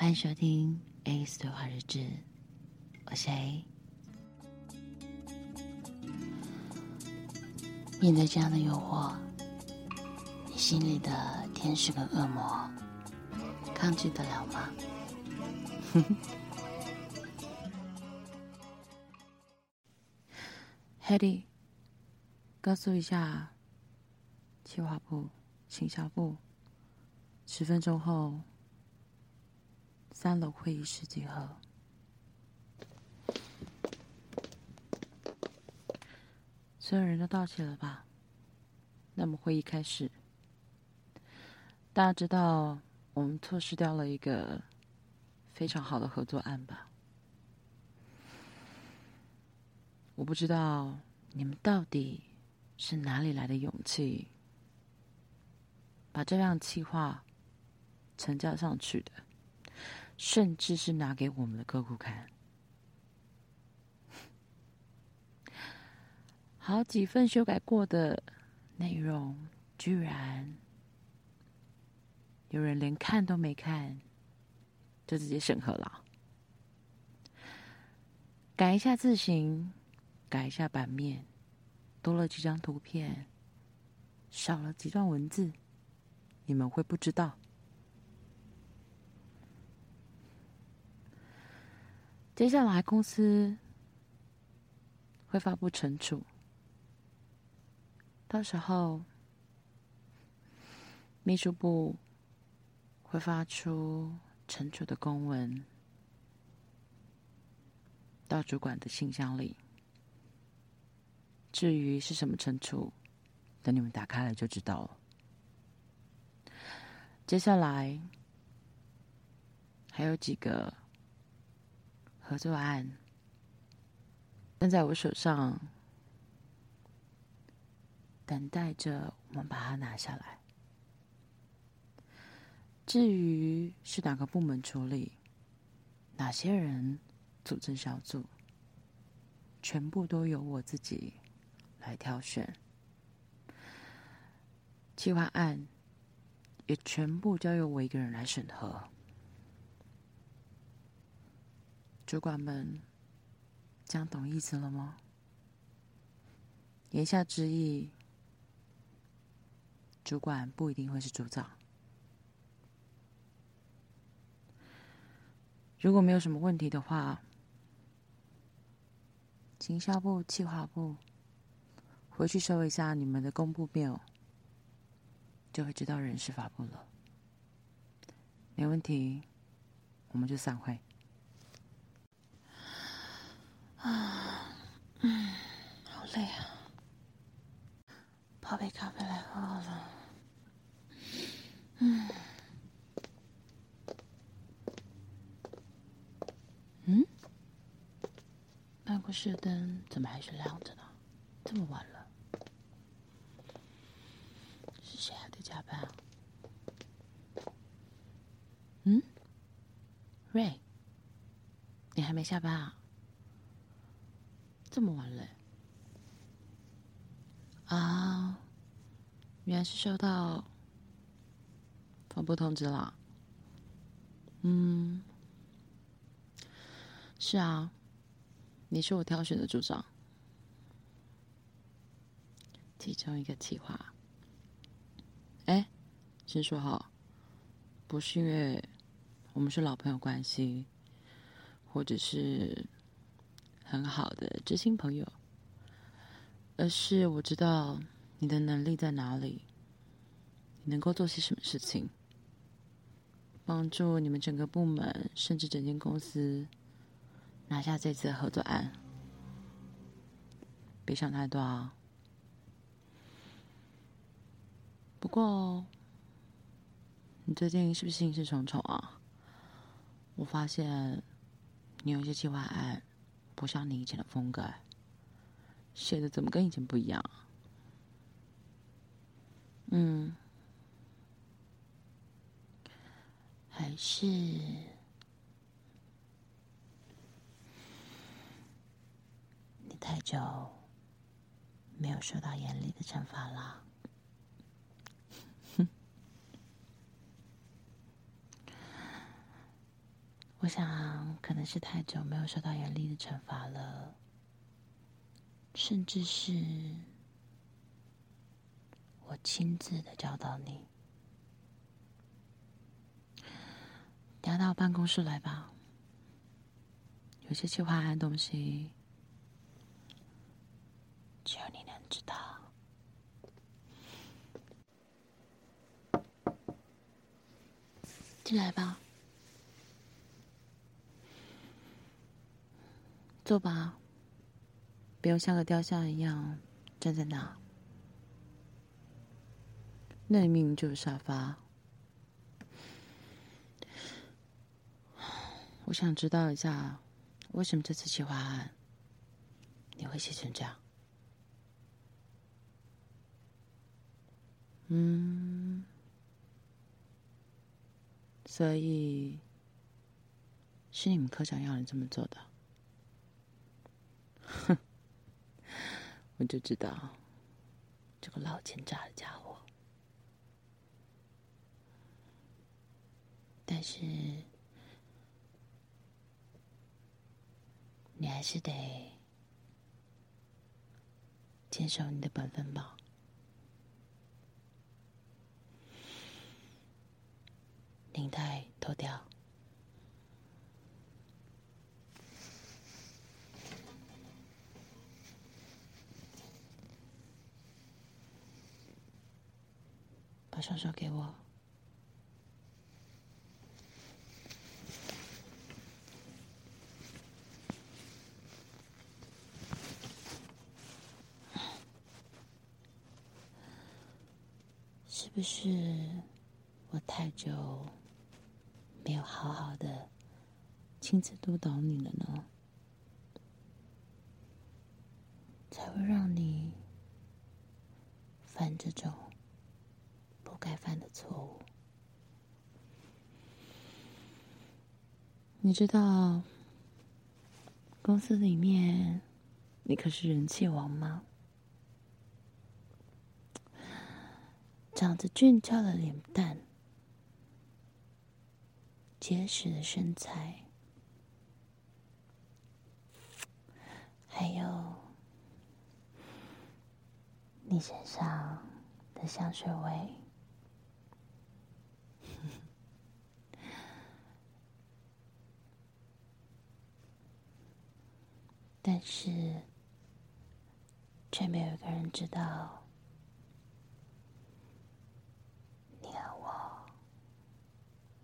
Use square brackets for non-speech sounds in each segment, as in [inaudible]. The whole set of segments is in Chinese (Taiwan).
歡迎收聽《ACE 對話日誌》，我是 A。面對這樣的誘惑，你心裡的天使跟惡魔，抗拒得了嗎？Hey 告訴一下，企劃部、營銷部，十分鐘後。三樓會議室集合，所有人都到齊了吧？那麼會議開始。大家知道我們錯失掉了一個非常好的合作案吧？我不知道你們到底是哪裡來的勇氣，把這樣的計劃呈交上去的。甚至是拿給我們的客戶看，好幾份修改過的內容，居然有人連看都沒看，就直接審核了。改一下字形，改一下版面，多了幾張圖片，少了幾段文字，你們會不知道。接下來公司會發布懲處，到時候秘書部會發出懲處的公文到主管的信箱裡。至於是什麼懲處，等你們打開了就知道了。接下來還有幾個。合作案，但在我手上等待着我們把它拿下來。至於是哪個部門處理，哪些人組成小組，全部都由我自己來挑選。計劃案也全部交由我一個人來審核。主管們，講懂意思了嗎？言下之意，主管不一定會是組長。如果沒有什麼問題的話，行銷部、企劃部，回去收一下你們的公布表，就會知道人事發布了。沒問題，我們就散會。啊，嗯，好累啊！泡杯咖啡來喝好了。嗯，嗯，辦公室的燈怎麼還是亮着呢？這麼晚了，是誰還在加班啊？嗯，瑞，你還沒下班啊？這麼晚了，欸，啊，原來是收到廣播通知啦，啊。嗯，是啊，你是我挑選的組長，其中一個企劃。哎，欸，先說好，不是因為我們是老朋友關係，或者是。很好的知心朋友，而是我知道你的能力在哪裡，你能夠做些什麼事情，幫助你們整個部門甚至整間公司拿下這次的合作案。別想太多啊！不過，你最近是不是心事重重啊？我發現你有一些計劃案。不像你以前的風格，寫的怎麼跟以前不一樣啊？嗯，還是你太久沒有受到嚴厲的懲罰了。我想，可能是太久沒有受到嚴厲的懲罰了，甚至是我親自的教導你。你到我辦公室來吧，有些計劃的東西只有你能知道。進來吧。坐吧，不用像個雕像一樣站在那。那裡明明就是沙發。我想知道一下，為什麼這次企劃案你會寫成這樣？嗯，所以是你們科長要你這麼做的？哼， [laughs] 我就知道，這個老奸詐的傢伙。但是，你還是得堅守你的本分吧。領帶脫掉。把雙手,手給我，是不是我太久沒有好好的親自督導你了呢？犯的錯誤，你知道，公司裡面你可是人氣王嗎？長着俊俏的臉蛋，結實的身材，還有你身上的香水味。但是，卻沒有一個人知道，你和我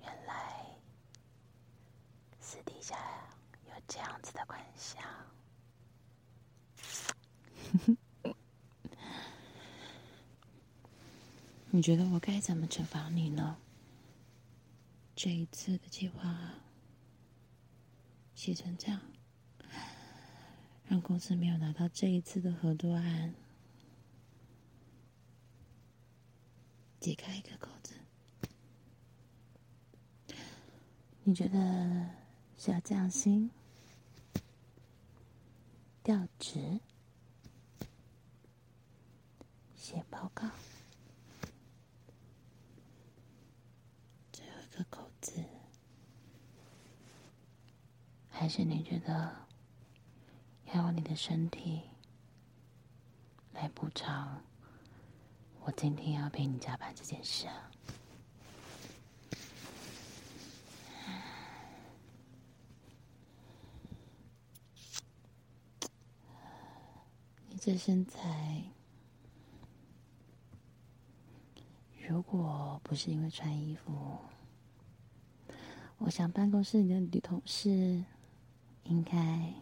原來私底下有這樣子的關係啊。你覺得我該怎麼懲罰你呢？這一次的計劃寫成這樣。讓公司沒有拿到這一次的合作案，解開一個口子。你覺得是要降薪、調職、寫報告，最後一個口子，還是你覺得？用你的身體來補償我今天要陪你加班這件事啊。你這身材，如果不是因為穿衣服，我想辦公室裡的女同事應該。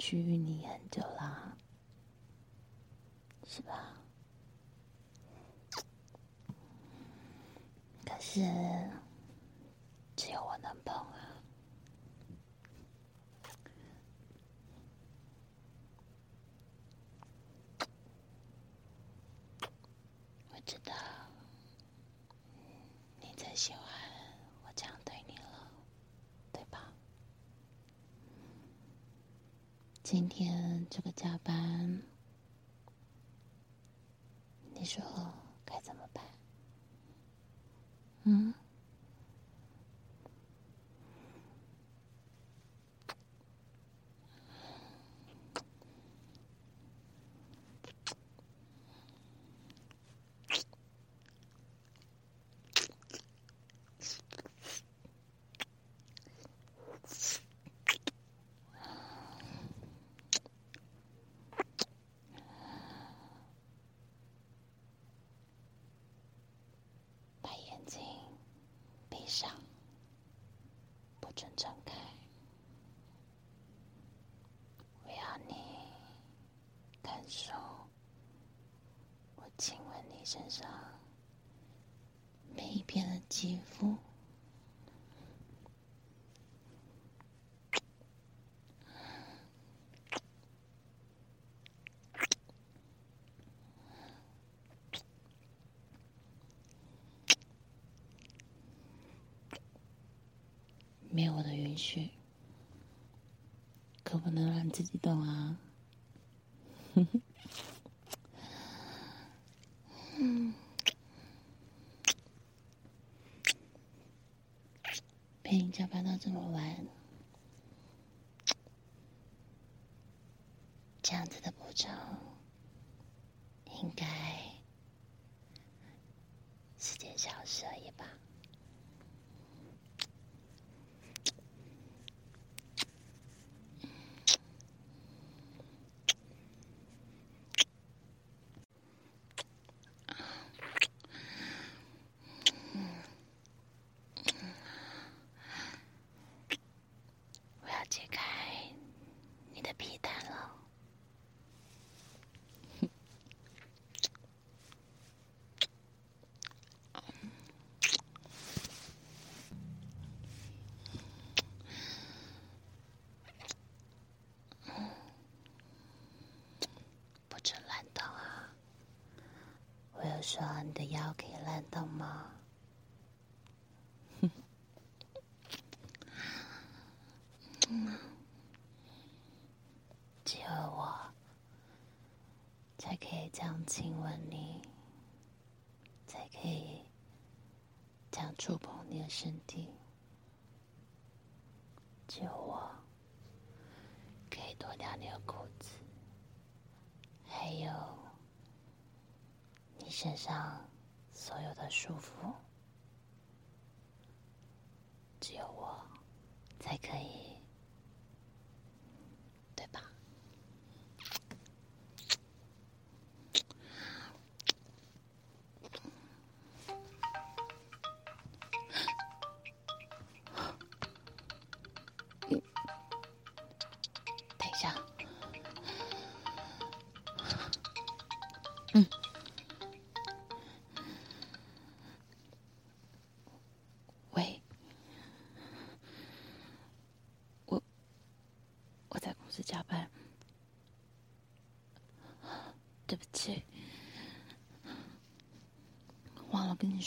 覬覦你很久了，是吧？可是只有我能碰啊！我知道你在喜歡。今天這個加班，你說該怎麼辦？嗯。你身上每一片的肌膚，沒有我的允許，可不能讓你自己動啊！陪你加班到這麼晚，這樣子的補償，應該是件小事而已吧。我說：“你的腰可以亂動嗎、？ [laughs] 嗯？”只有我才可以這樣親吻你，才可以這樣觸碰你的身體。只有我可以脫掉你的褲子，還有……你身上所有的束縛，只有我才可以。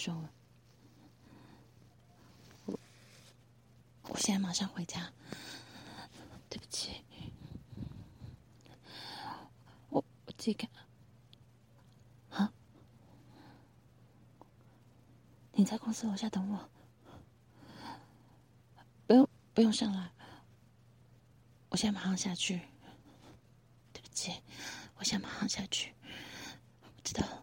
說我我現在馬上回家，對不起，我我自己看好，你在公司樓下等我，不用不用上來，我現在馬上下去，對不起，我現在馬上下去，我知道。